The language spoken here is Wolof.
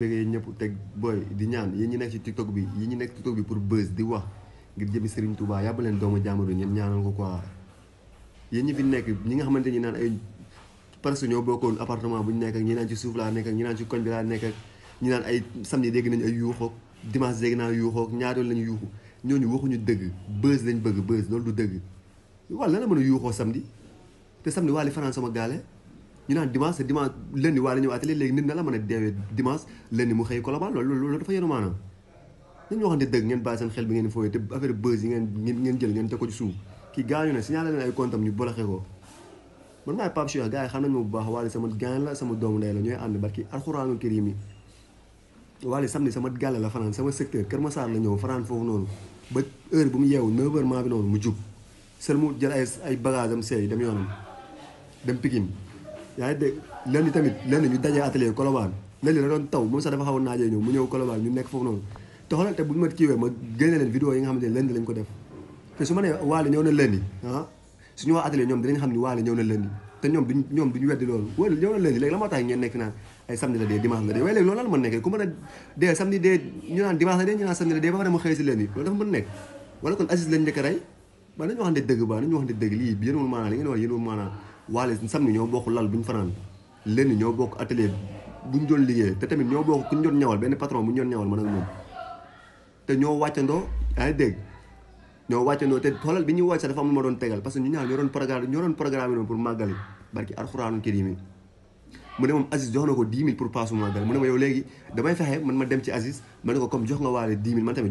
bëggee ñëpp teg booy di ñaan yéen ñi nekk ci tiktok bi yéen ñi nekk tiktok bi pour buzz di wax ngir jëmi Serigne tubaa yàbb leen doomu jàmbur yi ngeen ñaanal ko quoi yéen ñi nekk ñi nga xamante ñi naan ay parce que ñoo bokkoon appartement bu ñu ñi naan ci suuf laa nekk ak ñi naan ci koñ bi laa nekk ak ñi naan ay samedi dégg nañu ay yuuxoog dimanche dégg naa yuuxoog ñaareel lañu yuuxu ñooñu waxuñu dëgg buzz lañ bëgg buzz loolu du dëgg waaw lan la mën a yuuxoo samedi te samedi waa li fanaan sama gaale ñu naan dimanche c'est dimanche lundi waa la ñuy atelier léegi nit na la mën a deewee dimanche lundi mu xëy Colobane loolu loolu dafa yenu maanaam nañ waxante dëgg ngeen bàyyi seen xel bi ngeen fooyee te affaire buzz yi ngeen ngeen jël ngeen teg ko ci suuf kii gaañu ne signalé leen ay compte am ñu boloxee ko man maay Pape Cheikh gars yi xam nañ ma bu baax Wally sama gaañ la sama doomu ndey la ñooy ànd barki alxuraanul kariim Wally samedi sama gàlle la fanaan sama secteur Kër Massar la ñëw foofu noonu ba bu mu yeewu 9h maa bi noonu mu jug sel mu jël ay ay bagage am seey dem yoonam dem Pikine yaa ngi dégg lenn tamit lenn ñu dajee atelier Colobane lenn la doon taw moom sax dafa xaw a naajee ñëw mu ñëw Colobane ñu nekk foofu noonu te xoolal te bu ñu ma kiiwee ma génne leen vidéo yi nga xamante ne lenn lañ ko def te su ma nee waale ñëw na lenn ah suñu waa atelier ñoom dinañ xam ni waale ñëw na lenn te ñoom duñ ñoom duñu weddi loolu wala ñëw na lenn léegi la moo tax ngeen nekk naan ay samedi la dee dimanche la dee waaye léegi loolu lan mën nekkee ku mën a dee samedi dee ñu naan dimanche la dee ñu naan samedi la dee ba pare mu xëy si lenn loolu dafa mën nekk wala kon Aziz lañ njëkk a rey ba nañu waxante dëgg ba nañu waxante dëgg lii yéenul maanaa li ngeen wax yéenul maanaa waale samedi ñoo bokk lal bu ñu fanaan lenn ñoo bokk atelier bu doon liggéey te tamit ñoo bokk ku ñu doon ñawal benn patron bu doon ñawal man ak moom te ñoo wàccandoo ay dégg ñoo wàccandoo te xoolal bi ñuy wàcc sax dafa am lu ma doon tegal parce que ñu ñaar ñoo doon programme ñoo doon programme noonu pour màggali barki alxuraanu kariim mu ne moom Aziz jox na ko 10 000 pour paasu màggal mu ne ma yow léegi damay fexe man ma dem ci Aziz ma ne ko comme jox nga waale 10 000